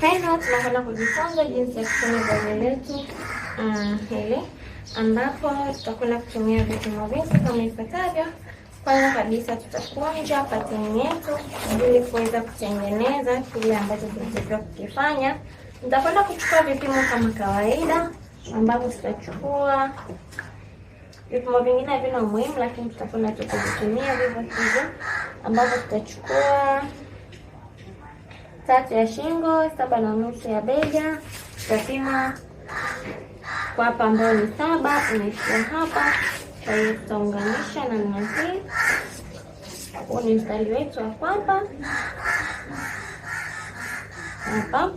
Kaina tunakwenda kujifunza jinsi ya kutumia gari letu hili ambapo tutakwenda kutumia vipimo vingi kama ifuatavyo. Kwanza kabisa tutakunja pateni yetu ili kuweza kutengeneza kile ambacho tunatakiwa kukifanya. Nitakwenda kuchukua vipimo kama kawaida, ambapo tutachukua vipimo vingine vina umuhimu, lakini tutakwenda tu kuvitumia vivyo hivyo, ambapo tutachukua tatu ya shingo, saba na nusu ya bega. Tutapima kwa hapa ambayo ni saba, unaishia hapa. Kwa hiyo tutaunganisha na hii. Huu ni mstari wetu wa kwapa hapa.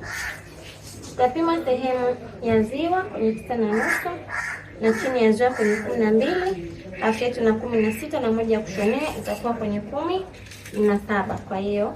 Tutapima sehemu ya ziwa kwenye tisa na nusu na chini ya ziwa kwenye kumi na mbili afu yetu na kumi na sita na moja ya kushonea itakuwa kwenye kumi na saba kwa hiyo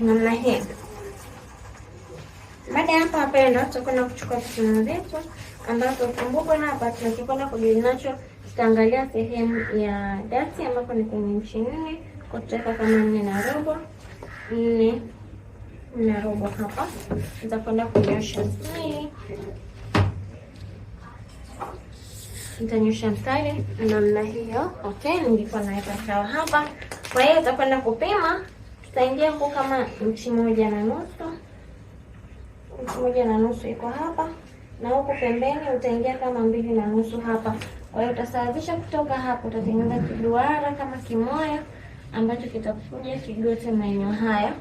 namna hii. Baada ya hapa, wapendwa, tutakwenda kuchukua vitunguu vyetu ambapo kumbuka na hapa tunakikwenda kujili nacho, tutaangalia sehemu ya dati ambapo ni kwenye nchi nne, kwa tutaweka kama nne na robo, nne na robo. Hapa nitakwenda kunyosha mstari, nitanyosha mstari namna hiyo. Okay, nilikuwa naweka sawa hapa. Kwa hiyo utakwenda kupima tutaingia yangu kama nchi moja na nusu, nchi moja na nusu iko hapa, na huku pembeni utaingia kama mbili na nusu hapa. Kwa hiyo utasawazisha kutoka hapo, utatengeneza kiduara kama kimoya ambacho kitakuja kigote maeneo haya,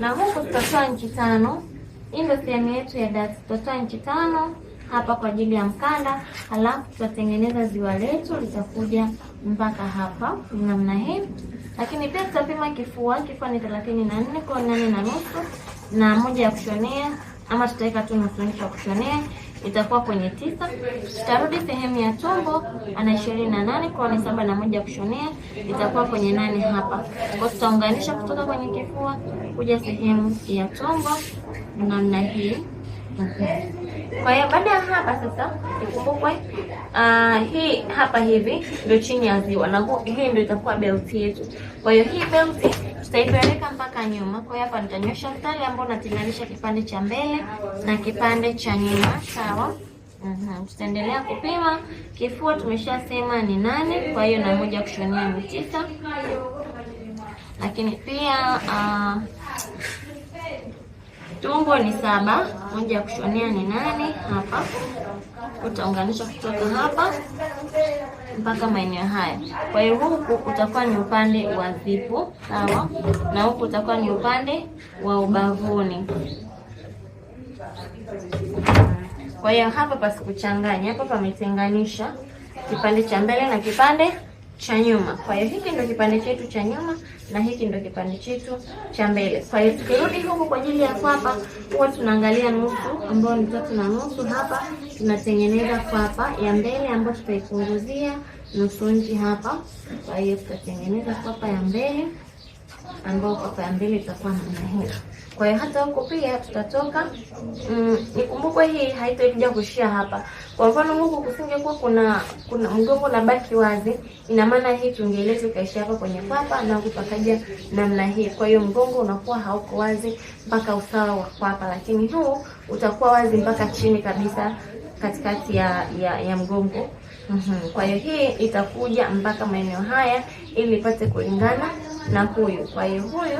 na huku tutatoa nchi tano. Hii ndio sehemu yetu ya dati, tutatoa nchi tano hapa kwa ajili ya mkanda, alafu tutatengeneza ziwa letu litakuja mpaka hapa namna hii. Lakini pia tutapima kifua, kifua ni thelathini na nne kwa nane na nusu na moja ya kushonea, ama tutaweka tu nusu inchi ya kushonea itakuwa kwenye tisa. Tutarudi sehemu ya tumbo, ana ishirini na nane kwa ni saba na moja kushonea itakuwa kwenye nane hapa. Kwa tutaunganisha kutoka kwenye kifua kuja sehemu ya tumbo namna hii. Kwa hiyo baada ya hapa sasa ikumbukwe, ah, hii hapa hivi ndio chini ya ziwa na hii ndio itakuwa belt yetu. Kwa hiyo hii belt tutaipeleka mpaka nyuma. Kwa hiyo hapa nitanyosha mstari ambao natenganisha kipande cha mbele na kipande cha nyuma, sawa? Mhm, Tutaendelea kupima kifua, tumeshasema ni nane, kwa hiyo na moja kushonia ni tisa, lakini pia uh, Tumbo ni saba, moja ya kushonea ni nane. Hapa utaunganisha kutoka hapa mpaka maeneo haya. Kwa hiyo huku utakuwa ni upande wa zipu, sawa, na huku utakuwa ni upande wa ubavuni. Kwa hiyo hapa pasikuchanganya, hapa pametenganisha kipande cha mbele na kipande cha nyuma. Kwa hiyo hiki ndio kipande chetu cha nyuma na hiki ndio kipande chetu cha mbele. Kwa hiyo tukirudi huku kwa ajili ya kwapa, huwa tunaangalia nusu ambayo ni tatu na nusu. Hapa tunatengeneza kwapa ya mbele ambayo tutaipunguzia nusu nchi hapa. Kwa hiyo tutatengeneza kwapa ya mbele ambayo kwapa ya mbele itakuwa namna hii. Kwa hiyo hata huko pia tutatoka mm, nikumbukwe hii haitokuja kuishia hapa. Kwa mfano huku kusingekuwa kuna kuna mgongo na baki wazi, ina maana hii tungeeleza kaishia hapa kwenye kwapa na kupakaja namna hii. Kwa hiyo mgongo unakuwa hauko wazi mpaka usawa wa kwapa, lakini huu utakuwa wazi mpaka chini kabisa katikati ya ya, ya mgongo. Mm-hmm. Kwa hiyo hii itakuja mpaka maeneo haya ili ipate kulingana na huyu. Kwa hiyo huyu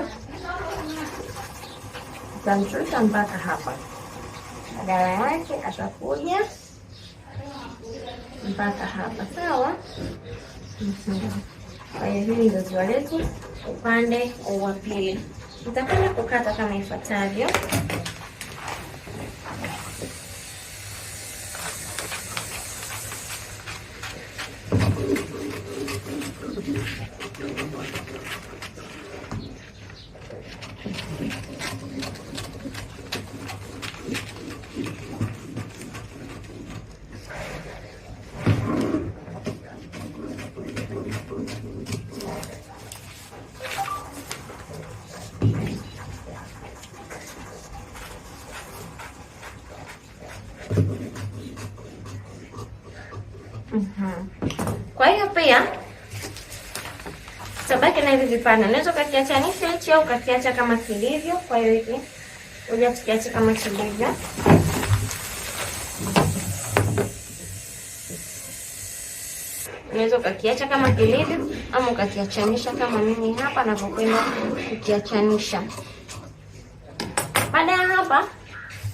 utamshusha mpaka hapa, badala yake atakuja mpaka hapa, sawa. Kwa hiyo hili ndio ziwa letu upande wa pili. Nitakwenda kukata kama ifuatavyo. sana hivi vipande. Unaweza ukakiacha nusu inchi au ukakiacha kama kilivyo. Kwa hiyo hivi uja tukiacha kama kilivyo. Unaweza ukakiacha kama kilivyo ama ukakiachanisha kama mimi hapa navyokwenda kukiachanisha. Baada ya hapa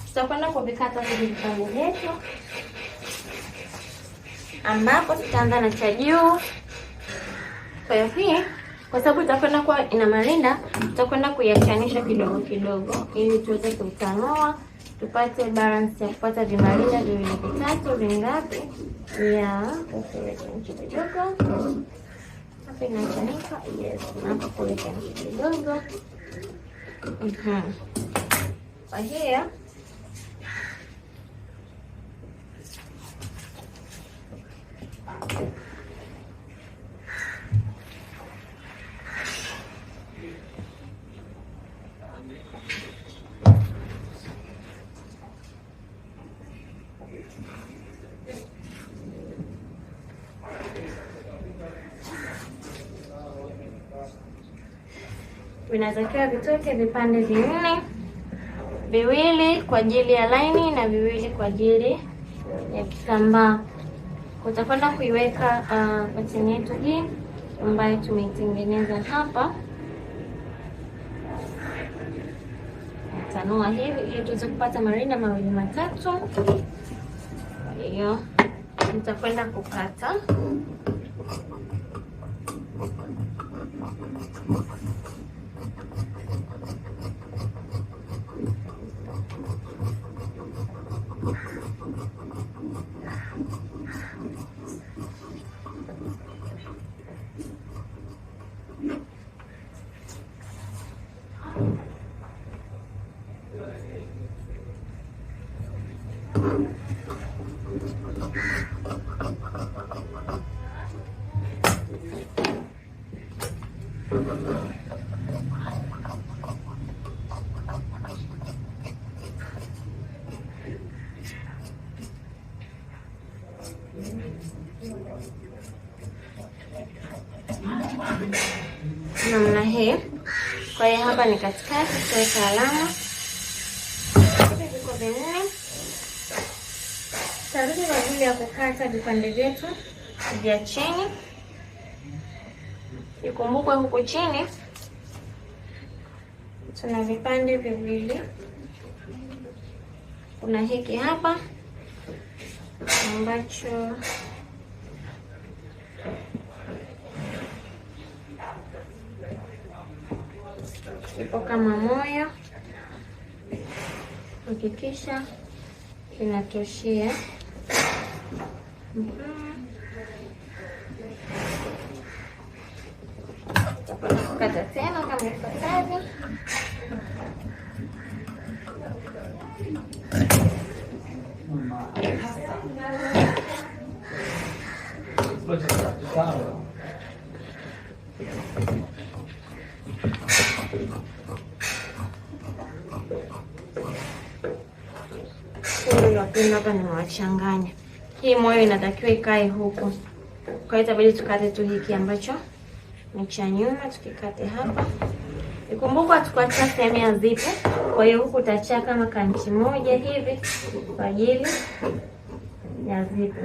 tutakwenda kuvikata hivi vitangu vyetu, ambapo tutaanza na cha juu. Kwa hiyo hii kwa sababu itakwenda kuwa ina marinda, tutakwenda kuyachanisha kidogo kidogo ili tuweze kuitanua tupate balance ya kupata vimarinda viwili vitatu vingapi ya kidogo hapa inachanika, yes, hapa kuweka kidogo. Mhm. Kwa hiyo vinatakiwa vitoke vipande vinne, viwili kwa ajili ya laini na viwili kwa ajili ya kitambaa. Utakwenda kuiweka uh, yetu hii ambayo tumeitengeneza hapa, tanua hivi ili tuweze kupata marinda mawili matatu. Hiyo nitakwenda kukata namna hii. Kwa hiyo hapa ni katikati, tutaweka alama viko vinne. Saruji kwa ajili ya kukata vipande vyetu vya chini. Ikumbukwe huku chini tuna vipande viwili, kuna hiki hapa ambacho kipo kama moyo, hakikisha kinatoshea. Kata tena kama ifuatavyo. Hapa nimewachanganya. Hii moyo inatakiwa ikae huku, kwa hiyo itabidi tukate tu hiki ambacho ni cha nyuma, tukikate hapa. Ikumbukwa tukuachia sehemu ya zipu, kwa hiyo huku utachia kama kanchi moja hivi kwa ajili ya zipu.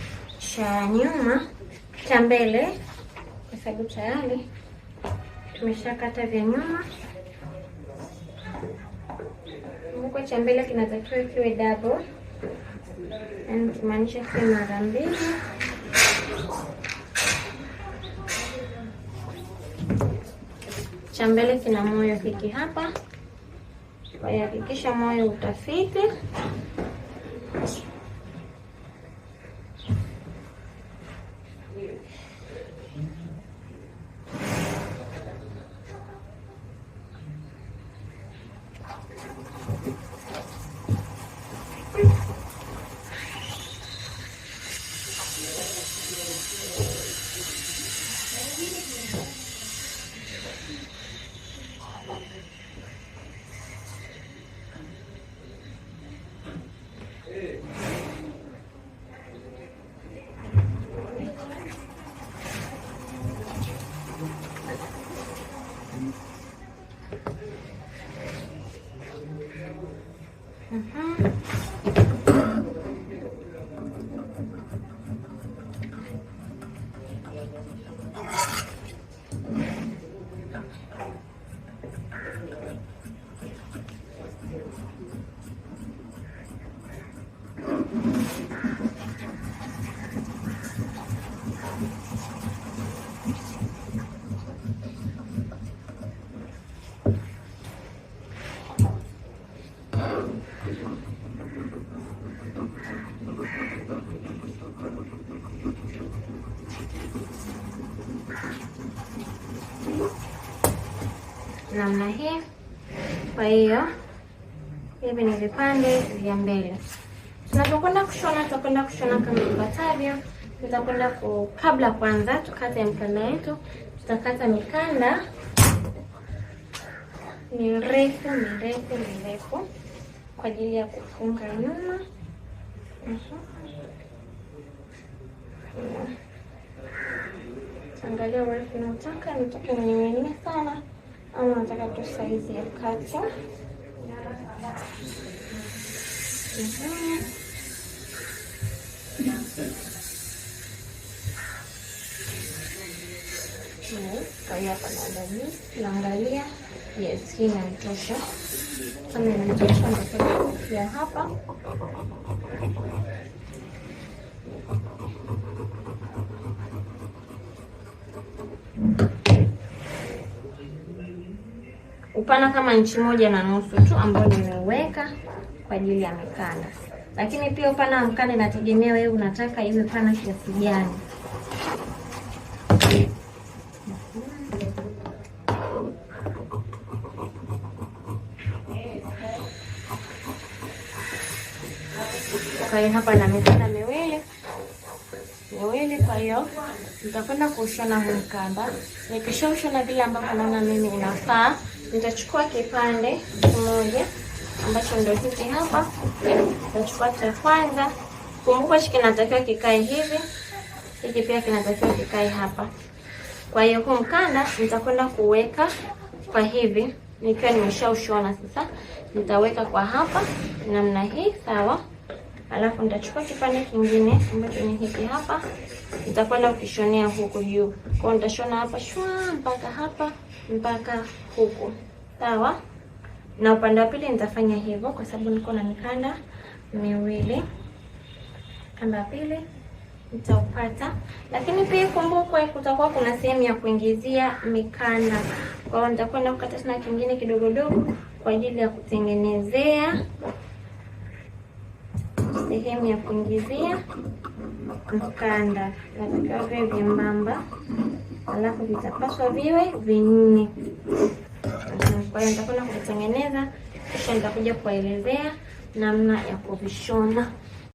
cha nyuma cha mbele, kwa sababu tayari tumeshakata vya nyuma. Huko cha mbele kinatakiwa kiwe double, yaani kimaanisha kiwe mara mbili cha mbele kina moyo hiki hapa, hakikisha moyo utafiti namna hii. Kwa hiyo hivi ni vipande vya mbele. Tunapokwenda kushona, tutakwenda kushona kama ifuatavyo. Tutakwenda ku, kabla kwanza tukate mkanda wetu, tutakata mikanda mirefu mirefu mirefu kwa ajili ya kufunga nyuma. Angalia urefu unaotaka, nitoke mwenye wengine sana anataka saizi ya kata kayak naangalia yes hii inatosha kama inatosha ya hapa Thank you. upana kama inchi moja na nusu tu ambayo nimeuweka kwa ajili ya mikanda, lakini pia upana wa mkanda inategemea wewe unataka iwe pana kiasi gani. Kwa hiyo hapa na mikanda miwili miwili, kwa hiyo nitakwenda kuushona huu mkanda. Nikisha vile ambavyo naona mimi inafaa Nitachukua kipande kimoja ambacho ndio hiki hapa, nitachukua cha kwanza. Kumbuka hiki kinatakiwa kikae hivi, hiki pia kinatakiwa kikae hapa. Kwa hiyo huu mkanda nitakwenda kuweka kwa hivi, nikiwa nimeshaushona sasa, nitaweka kwa hapa namna hii, sawa. Alafu nitachukua kipande kingine ambacho ni hiki hapa, nitakwenda kukishonea huku juu. Kwa hiyo nitashona hapa shwa mpaka hapa mpaka huku, sawa. Na upande wa pili nitafanya hivyo kwa sababu niko na mikanda miwili. Kanda ya pili nitaupata, lakini pia kumbukwe, kutakuwa kuna sehemu ya kuingizia mikanda. Kwa hiyo nitakwenda kukata tena kingine kidogodogo kwa ajili ya kutengenezea sehemu ya kuingizia mkanda katika vile vyembamba alafu vitapaswa viwe vinne. Kwa hiyo nitakwenda kuvitengeneza, kisha nitakuja kuwaelezea namna ya kuvishona.